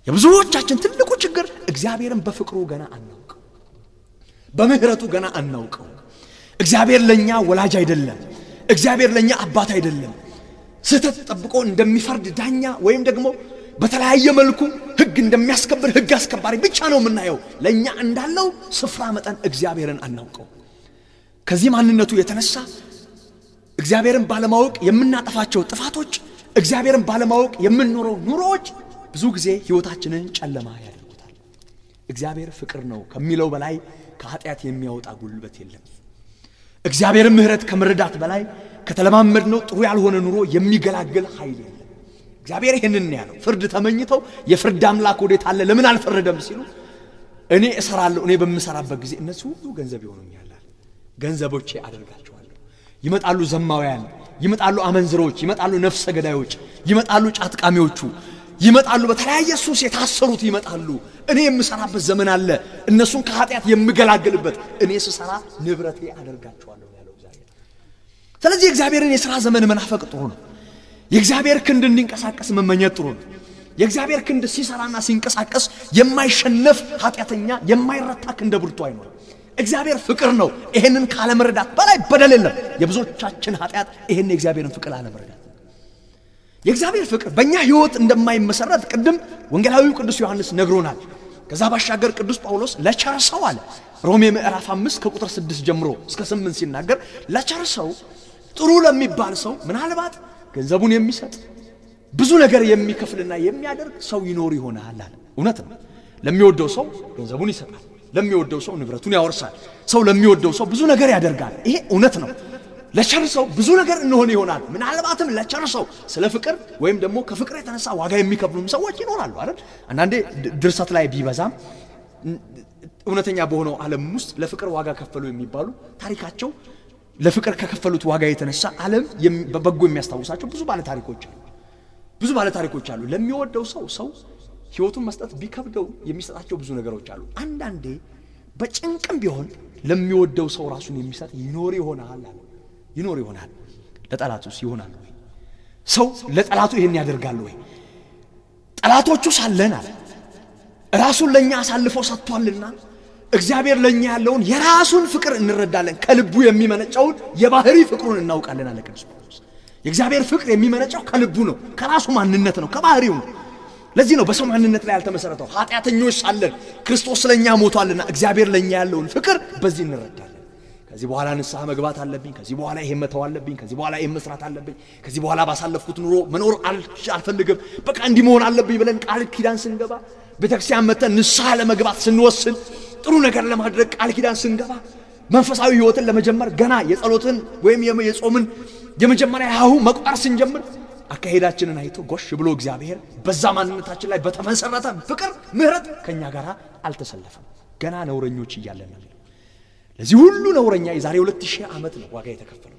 የብዙዎቻችን ትልቁ ችግር እግዚአብሔርን በፍቅሩ ገና አናውቀው፣ በምህረቱ ገና አናውቀው። እግዚአብሔር ለእኛ ወላጅ አይደለም። እግዚአብሔር ለእኛ አባት አይደለም። ስህተት ጠብቆ እንደሚፈርድ ዳኛ ወይም ደግሞ በተለያየ መልኩ ህግ እንደሚያስከብር ህግ አስከባሪ ብቻ ነው የምናየው። ለእኛ እንዳለው ስፍራ መጠን እግዚአብሔርን አናውቀው። ከዚህ ማንነቱ የተነሳ እግዚአብሔርን ባለማወቅ የምናጠፋቸው ጥፋቶች፣ እግዚአብሔርን ባለማወቅ የምንኖረው ኑሮዎች ብዙ ጊዜ ህይወታችንን ጨለማ ያደርጉታል። እግዚአብሔር ፍቅር ነው ከሚለው በላይ ከኃጢአት የሚያወጣ ጉልበት የለም። እግዚአብሔር ምሕረት ከመረዳት በላይ ከተለማመድ ነው ጥሩ ያልሆነ ኑሮ የሚገላግል ኃይል የለም። እግዚአብሔር ይህንን ያለው ፍርድ ተመኝተው የፍርድ አምላክ ወዴት አለ ለምን አልፈረደም ሲሉ እኔ እሰራለሁ እኔ በምሰራበት ጊዜ እነሱ ሁሉ ገንዘብ ይሆኑኛል፣ ገንዘቦቼ አደርጋቸዋለሁ። ይመጣሉ ዘማውያን፣ ይመጣሉ አመንዝሮች፣ ይመጣሉ ነፍሰ ገዳዮች፣ ይመጣሉ ጫትቃሚዎቹ ይመጣሉ። በተለያየ ሱስ የታሰሩት ይመጣሉ። እኔ የምሰራበት ዘመን አለ፣ እነሱን ከኃጢአት የምገላገልበት። እኔ ስሰራ ንብረቴ አደርጋቸዋለሁ ያለው እግዚአብሔር። ስለዚህ የእግዚአብሔርን የሥራ ዘመን መናፈቅ ጥሩ ነው። የእግዚአብሔር ክንድ እንዲንቀሳቀስ መመኘት ጥሩ ነው። የእግዚአብሔር ክንድ ሲሰራና ሲንቀሳቀስ የማይሸነፍ ኃጢአተኛ የማይረታ ክንደ ብርቱ አይኖርም። እግዚአብሔር ፍቅር ነው። ይሄንን ካለመረዳት በላይ በደል የለም። የብዙዎቻችን ኃጢአት ይሄን የእግዚአብሔርን ፍቅር አለመረዳት የእግዚአብሔር ፍቅር በእኛ ህይወት እንደማይመሰረት ቅድም ወንጌላዊው ቅዱስ ዮሐንስ ነግሮናል። ከዛ ባሻገር ቅዱስ ጳውሎስ ለቸር ሰው አለ ሮሜ ምዕራፍ አምስት ከቁጥር ስድስት ጀምሮ እስከ ስምንት ሲናገር ለቸር ሰው ጥሩ ለሚባል ሰው ምናልባት ገንዘቡን የሚሰጥ ብዙ ነገር የሚከፍልና የሚያደርግ ሰው ይኖር ይሆናል አለ። እውነት ነው። ለሚወደው ሰው ገንዘቡን ይሰጣል፣ ለሚወደው ሰው ንብረቱን ያወርሳል፣ ሰው ለሚወደው ሰው ብዙ ነገር ያደርጋል። ይሄ እውነት ነው። ለቸርሰው ብዙ ነገር እንሆን ይሆናል። ምናልባትም ለቸርሰው ስለ ፍቅር ወይም ደግሞ ከፍቅር የተነሳ ዋጋ የሚከፍሉም ሰዎች ይኖራሉ አይደል? አንዳንዴ ድርሰት ላይ ቢበዛም እውነተኛ በሆነው ዓለም ውስጥ ለፍቅር ዋጋ ከፈሉ የሚባሉ ታሪካቸው ለፍቅር ከከፈሉት ዋጋ የተነሳ ዓለም በበጎ የሚያስታውሳቸው ብዙ ባለ ታሪኮች አሉ። ብዙ ባለ ታሪኮች አሉ። ለሚወደው ሰው ሰው ህይወቱን መስጠት ቢከብደው የሚሰጣቸው ብዙ ነገሮች አሉ። አንዳንዴ በጭንቅም ቢሆን ለሚወደው ሰው ራሱን የሚሰጥ ይኖር ይሆናል አለ ይኖር ይሆናል? ለጠላቱስ ይሆናል ወይ? ሰው ለጠላቱ ይህን ያደርጋል ወይ? ጠላቶቹ ሳለናል ራሱን ለእኛ አሳልፎ ሰጥቷልና እግዚአብሔር ለእኛ ያለውን የራሱን ፍቅር እንረዳለን። ከልቡ የሚመነጨውን የባህሪ ፍቅሩን እናውቃለን አለ ቅዱስ ጳውሎስ። የእግዚአብሔር ፍቅር የሚመነጨው ከልቡ ነው፣ ከራሱ ማንነት ነው፣ ከባህሪው ነው። ለዚህ ነው በሰው ማንነት ላይ ያልተመሰረተው። ኃጢአተኞች ሳለን ክርስቶስ ለእኛ ሞቷልና እግዚአብሔር ለእኛ ያለውን ፍቅር በዚህ እንረዳለን። ከዚህ በኋላ ንስሐ መግባት አለብኝ፣ ከዚህ በኋላ ይሄን መተው አለብኝ፣ ከዚህ በኋላ ይሄን መስራት አለብኝ፣ ከዚህ በኋላ ባሳለፍኩት ኑሮ መኖር አልፈልግም፣ በቃ እንዲህ መሆን አለብኝ ብለን ቃል ኪዳን ስንገባ፣ ቤተክርስቲያን መተን ንስሐ ለመግባት ስንወስን፣ ጥሩ ነገር ለማድረግ ቃል ኪዳን ስንገባ፣ መንፈሳዊ ህይወትን ለመጀመር ገና የጸሎትን ወይም የጾምን የመጀመሪያ ያሁ መቁጠር ስንጀምር አካሄዳችንን አይቶ ጎሽ ብሎ እግዚአብሔር በዛ ማንነታችን ላይ በተመሰረተ ፍቅር፣ ምህረት ከእኛ ጋር አልተሰለፈም። ገና ነውረኞች እያለን ለዚህ ሁሉ ነውረኛ የዛሬ ሁለት ዓመት ነው ዋጋ የተከፈለው።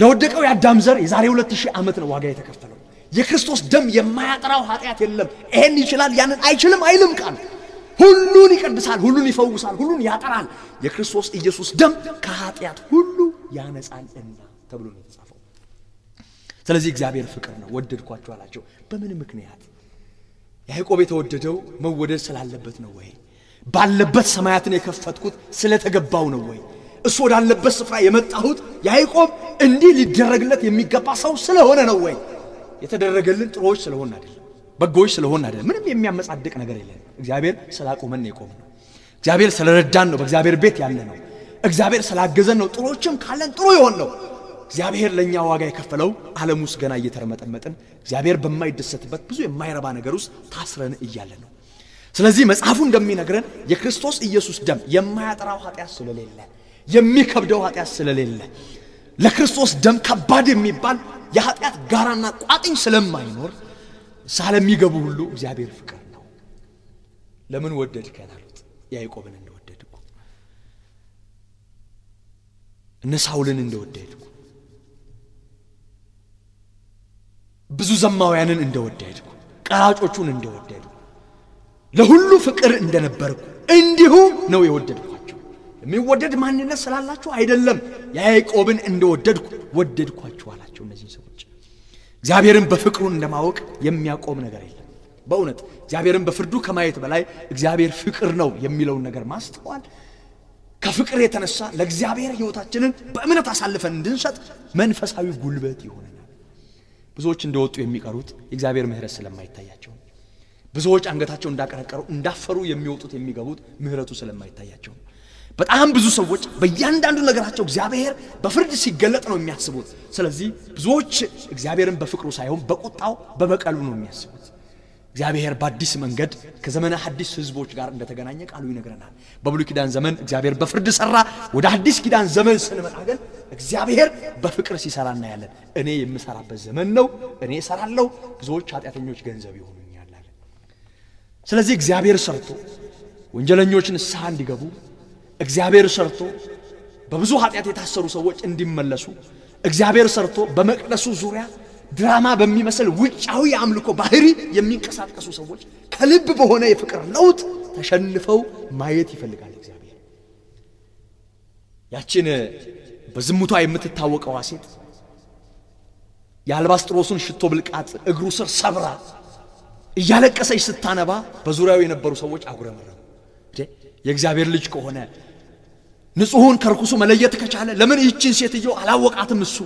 ለወደቀው የአዳም ዘር የዛሬ ሁለት ሺህ ዓመት ነው ዋጋ የተከፈለው። የክርስቶስ ደም የማያጠራው ኃጢአት የለም። ይሄን ይችላል፣ ያንን አይችልም አይልም ቃል ሁሉን ይቀድሳል፣ ሁሉን ይፈውሳል፣ ሁሉን ያጠራል። የክርስቶስ ኢየሱስ ደም ከኃጢአት ሁሉ ያነጻል እና ተብሎ ነው የተጻፈው። ስለዚህ እግዚአብሔር ፍቅር ነው። ወደድኳቸው አላቸው። በምን ምክንያት? ያዕቆብ የተወደደው መወደድ ስላለበት ነው ወይ? ባለበት ሰማያትን የከፈትኩት ስለተገባው ነው ወይ? እሱ ወዳለበት ስፍራ የመጣሁት ያዕቆብ እንዲህ ሊደረግለት የሚገባ ሰው ስለሆነ ነው ወይ? የተደረገልን ጥሩዎች ስለሆን አይደለም፣ በጎዎች ስለሆን አይደለም። ምንም የሚያመጻድቅ ነገር የለም። እግዚአብሔር ስላቆመን የቆም ነው። እግዚአብሔር ስለረዳን ነው በእግዚአብሔር ቤት ያለ ነው። እግዚአብሔር ስላገዘን ነው። ጥሩዎችም ካለን ጥሩ የሆን ነው። እግዚአብሔር ለእኛ ዋጋ የከፈለው ዓለም ውስጥ ገና እየተረመጠመጥን እግዚአብሔር በማይደሰትበት ብዙ የማይረባ ነገር ውስጥ ታስረን እያለ ነው። ስለዚህ መጽሐፉ እንደሚነግረን የክርስቶስ ኢየሱስ ደም የማያጠራው ኃጢአት ስለሌለ የሚከብደው ኃጢአት ስለሌለ ለክርስቶስ ደም ከባድ የሚባል የኃጢአት ጋራና ቋጥኝ ስለማይኖር ሳለሚገቡ ሁሉ እግዚአብሔር ፍቅር ነው። ለምን ወደድከን አሉት። ያዕቆብን እንደወደድኩ እነሳውልን እንደወደድኩ ብዙ ዘማውያንን እንደወደድኩ ቀራጮቹን እንደወደድኩ ለሁሉ ፍቅር እንደነበርኩ እንዲሁ ነው የወደድኳቸው። የሚወደድ ማንነት ስላላችሁ አይደለም፣ ያዕቆብን እንደወደድኩ ወደድኳችሁ አላቸው። እነዚህ ሰዎች እግዚአብሔርን በፍቅሩን እንደማወቅ የሚያቆም ነገር የለም። በእውነት እግዚአብሔርን በፍርዱ ከማየት በላይ እግዚአብሔር ፍቅር ነው የሚለውን ነገር ማስተዋል ከፍቅር የተነሳ ለእግዚአብሔር ሕይወታችንን በእምነት አሳልፈን እንድንሰጥ መንፈሳዊ ጉልበት ይሆነናል። ብዙዎች እንደወጡ የሚቀሩት የእግዚአብሔር ምሕረት ስለማይታያቸው ብዙዎች አንገታቸው እንዳቀረቀሩ እንዳፈሩ የሚወጡት የሚገቡት ምህረቱ ስለማይታያቸው ነው። በጣም ብዙ ሰዎች በእያንዳንዱ ነገራቸው እግዚአብሔር በፍርድ ሲገለጥ ነው የሚያስቡት። ስለዚህ ብዙዎች እግዚአብሔርን በፍቅሩ ሳይሆን በቁጣው በበቀሉ ነው የሚያስቡት። እግዚአብሔር በአዲስ መንገድ ከዘመነ አዲስ ህዝቦች ጋር እንደተገናኘ ቃሉ ይነግረናል። በብሉ ኪዳን ዘመን እግዚአብሔር በፍርድ ሰራ። ወደ አዲስ ኪዳን ዘመን ስንመጣ ግን እግዚአብሔር በፍቅር ሲሰራ እናያለን። እኔ የምሰራበት ዘመን ነው። እኔ እሰራለሁ፣ ብዙዎች ኃጢአተኞች ገንዘብ ይሆኑ ስለዚህ እግዚአብሔር ሰርቶ ወንጀለኞች ንስሐ እንዲገቡ እግዚአብሔር ሰርቶ በብዙ ኃጢአት የታሰሩ ሰዎች እንዲመለሱ እግዚአብሔር ሰርቶ በመቅደሱ ዙሪያ ድራማ በሚመስል ውጫዊ አምልኮ ባህሪ የሚንቀሳቀሱ ሰዎች ከልብ በሆነ የፍቅር ለውጥ ተሸንፈው ማየት ይፈልጋል እግዚአብሔር። ያችን በዝሙቷ የምትታወቀዋ ሴት የአልባስጥሮሱን ሽቶ ብልቃጥ እግሩ ስር ሰብራ እያለቀሰች ስታነባ በዙሪያው የነበሩ ሰዎች አጉረመረሙ። የእግዚአብሔር ልጅ ከሆነ ንጹሑን ከርኩሱ መለየት ከቻለ ለምን ይህችን ሴትዮ አላወቃትም? እሱ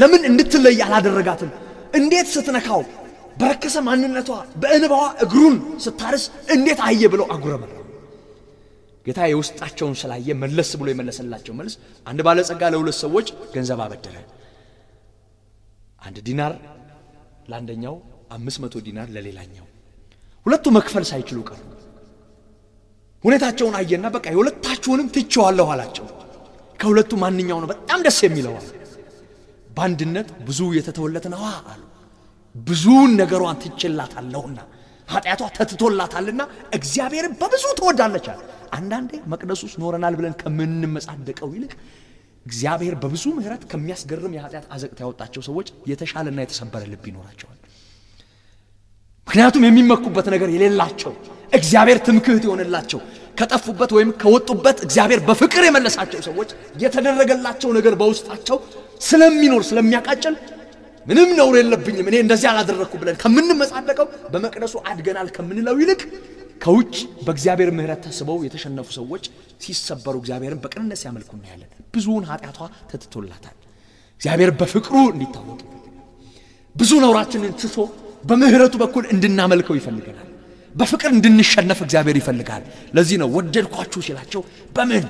ለምን እንድትለይ አላደረጋትም? እንዴት ስትነካው በረከሰ ማንነቷ በእንባዋ እግሩን ስታርስ እንዴት አየ ብለው አጉረመረሙ። ጌታ የውስጣቸውን ስላየ መለስ ብሎ የመለሰላቸው መልስ አንድ ባለጸጋ ለሁለት ሰዎች ገንዘብ አበደረ። አንድ ዲናር ለአንደኛው፣ አምስት መቶ ዲናር ለሌላኛው። ሁለቱ መክፈል ሳይችሉ ቀሩ። ሁኔታቸውን አየና በቃ የሁለታችሁንም ትቸዋለሁ አላቸው። ከሁለቱ ማንኛው ነው በጣም ደስ የሚለዋል? በአንድነት ብዙ የተተወለት ነዋ አሉ። ብዙውን ነገሯን ትችላታለሁና ኃጢአቷ ተትቶላታልና እግዚአብሔርን በብዙ ትወዳለች አለ። አንዳንዴ መቅደስ ውስጥ ኖረናል ብለን ከምንመጻደቀው ይልቅ እግዚአብሔር በብዙ ምሕረት ከሚያስገርም የኃጢአት አዘቅት ያወጣቸው ሰዎች የተሻለና የተሰበረ ልብ ይኖራቸዋል። ምክንያቱም የሚመኩበት ነገር የሌላቸው እግዚአብሔር ትምክህት የሆነላቸው ከጠፉበት ወይም ከወጡበት እግዚአብሔር በፍቅር የመለሳቸው ሰዎች የተደረገላቸው ነገር በውስጣቸው ስለሚኖር ስለሚያቃጭል ምንም ነውር የለብኝም እኔ እንደዚህ አላደረግኩ ብለን ከምንመጻደቀው በመቅደሱ አድገናል ከምንለው ይልቅ ከውጭ በእግዚአብሔር ምህረት ተስበው የተሸነፉ ሰዎች ሲሰበሩ እግዚአብሔርን በቅንነት ሲያመልኩ እናያለን። ብዙውን ኃጢአቷ ተትቶላታል። እግዚአብሔር በፍቅሩ እንዲታወቅ ብዙ ነውራችንን ትቶ በምህረቱ በኩል እንድናመልከው ይፈልገናል። በፍቅር እንድንሸነፍ እግዚአብሔር ይፈልጋል። ለዚህ ነው ወደድኳችሁ ሲላቸው በምን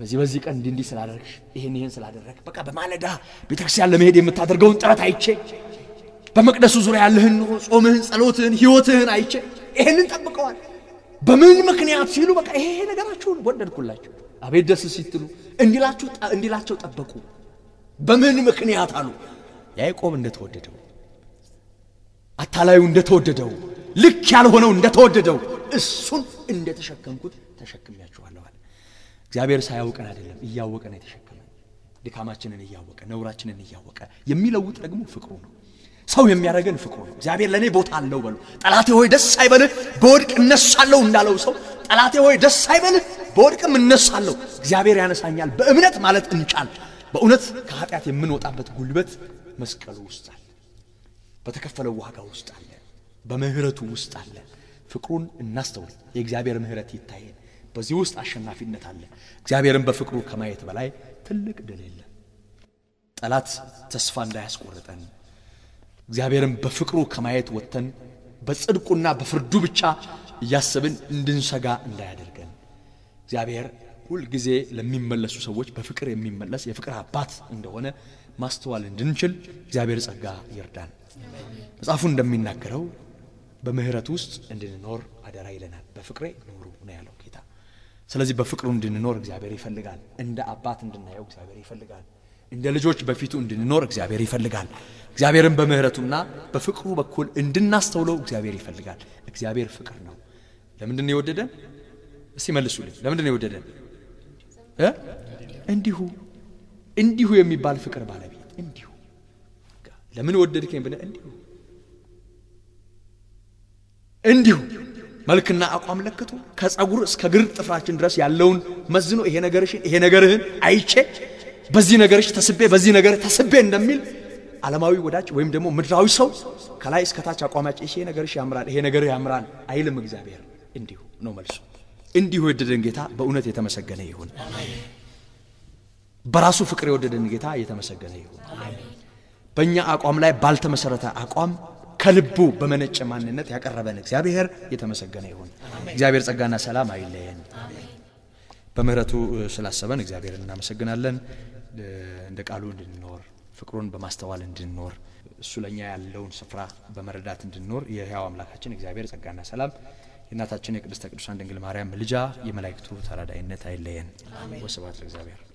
በዚህ በዚህ ቀን እንዲህ እንዲህ ስላደረግሽ ይህን ይህን ስላደረግ በቃ በማለዳ ቤተክርስቲያን ለመሄድ የምታደርገውን ጥረት አይቼ በመቅደሱ ዙሪያ ያለህን ጾምህን፣ ጸሎትህን፣ ህይወትህን አይቼ ይህንን ጠብቀዋል። በምን ምክንያት ሲሉ በቃ ይሄ ነገራችሁን ወደድኩላችሁ፣ አቤት ደስ ሲትሉ እንዲላቸው ጠበቁ። በምን ምክንያት አሉ ያዕቆብ እንደተወደደው አታላዩ እንደተወደደው ልክ ያልሆነው እንደተወደደው እሱን እንደተሸከምኩት ተሸክሚያችኋለሁ አለ። እግዚአብሔር ሳያውቀን አይደለም፣ እያወቀ ነው የተሸከመ። ድካማችንን እያወቀ ነውራችንን እያወቀ የሚለውጥ ደግሞ ፍቅሩ ነው። ሰው የሚያደርገን ፍቅሩ ነው። እግዚአብሔር ለእኔ ቦታ አለው በሉ። ጠላቴ ሆይ ደስ አይበልህ፣ በወድቅ እነሳለሁ እንዳለው ሰው ጠላቴ ሆይ ደስ አይበልህ፣ በወድቅም እነሳለሁ፣ እግዚአብሔር ያነሳኛል። በእምነት ማለት እንጫል። በእውነት ከኃጢአት የምንወጣበት ጉልበት መስቀሉ ውስጥ በተከፈለው ዋጋ ውስጥ አለ፣ በምህረቱ ውስጥ አለ። ፍቅሩን እናስተውል። የእግዚአብሔር ምህረት ይታየን። በዚህ ውስጥ አሸናፊነት አለ። እግዚአብሔርን በፍቅሩ ከማየት በላይ ትልቅ ድል የለም። ጠላት ተስፋ እንዳያስቆርጠን እግዚአብሔርን በፍቅሩ ከማየት ወጥተን በጽድቁና በፍርዱ ብቻ እያሰብን እንድንሰጋ እንዳያደርገን እግዚአብሔር ሁልጊዜ ለሚመለሱ ሰዎች በፍቅር የሚመለስ የፍቅር አባት እንደሆነ ማስተዋል እንድንችል እግዚአብሔር ጸጋ ይርዳን። መጽሐፉ እንደሚናገረው በምህረት ውስጥ እንድንኖር አደራ ይለናል። በፍቅሬ ኑሩ ነው ያለው ጌታ። ስለዚህ በፍቅሩ እንድንኖር እግዚአብሔር ይፈልጋል። እንደ አባት እንድናየው እግዚአብሔር ይፈልጋል። እንደ ልጆች በፊቱ እንድንኖር እግዚአብሔር ይፈልጋል። እግዚአብሔርን በምህረቱና በፍቅሩ በኩል እንድናስተውለው እግዚአብሔር ይፈልጋል። እግዚአብሔር ፍቅር ነው። ለምንድን የወደደን? እስቲ መልሱልኝ። ለምንድን የወደደን? እንዲሁ እንዲሁ የሚባል ፍቅር ባለቤት እንዲሁ ለምን ወደድከኝ ብለ እንዲሁ እንዲሁ መልክና አቋም ለክቶ ከጸጉር እስከ ግር ጥፍራችን ድረስ ያለውን መዝኖ ይሄ ነገርሽን ይሄ ነገርህን አይቼ በዚህ ነገርሽ ተስቤ በዚህ ነገር ተስቤ እንደሚል ዓለማዊ ወዳጅ ወይም ደግሞ ምድራዊ ሰው ከላይ እስከታች አቋማጭ ይሄ ነገርሽ ያምራል ይሄ ነገር ያምራል አይልም። እግዚአብሔር እንዲሁ ነው መልሱ። እንዲሁ የወደደን ጌታ በእውነት የተመሰገነ ይሁን። በራሱ ፍቅር የወደደን ጌታ የተመሰገነ ይሁን። በእኛ አቋም ላይ ባልተመሰረተ አቋም ከልቡ በመነጨ ማንነት ያቀረበን እግዚአብሔር የተመሰገነ ይሁን። እግዚአብሔር ጸጋና ሰላም አይለየን። በምህረቱ ስላሰበን እግዚአብሔር እናመሰግናለን። እንደ ቃሉ እንድንኖር ፍቅሩን በማስተዋል እንድንኖር እሱ ለእኛ ያለውን ስፍራ በመረዳት እንድንኖር የህያው አምላካችን እግዚአብሔር ጸጋና ሰላም የእናታችን የቅድስተ ቅዱሳን ድንግል ማርያም ልጃ የመላእክቱ ተራዳይነት አይለየን። ወስብሐት ለእግዚአብሔር።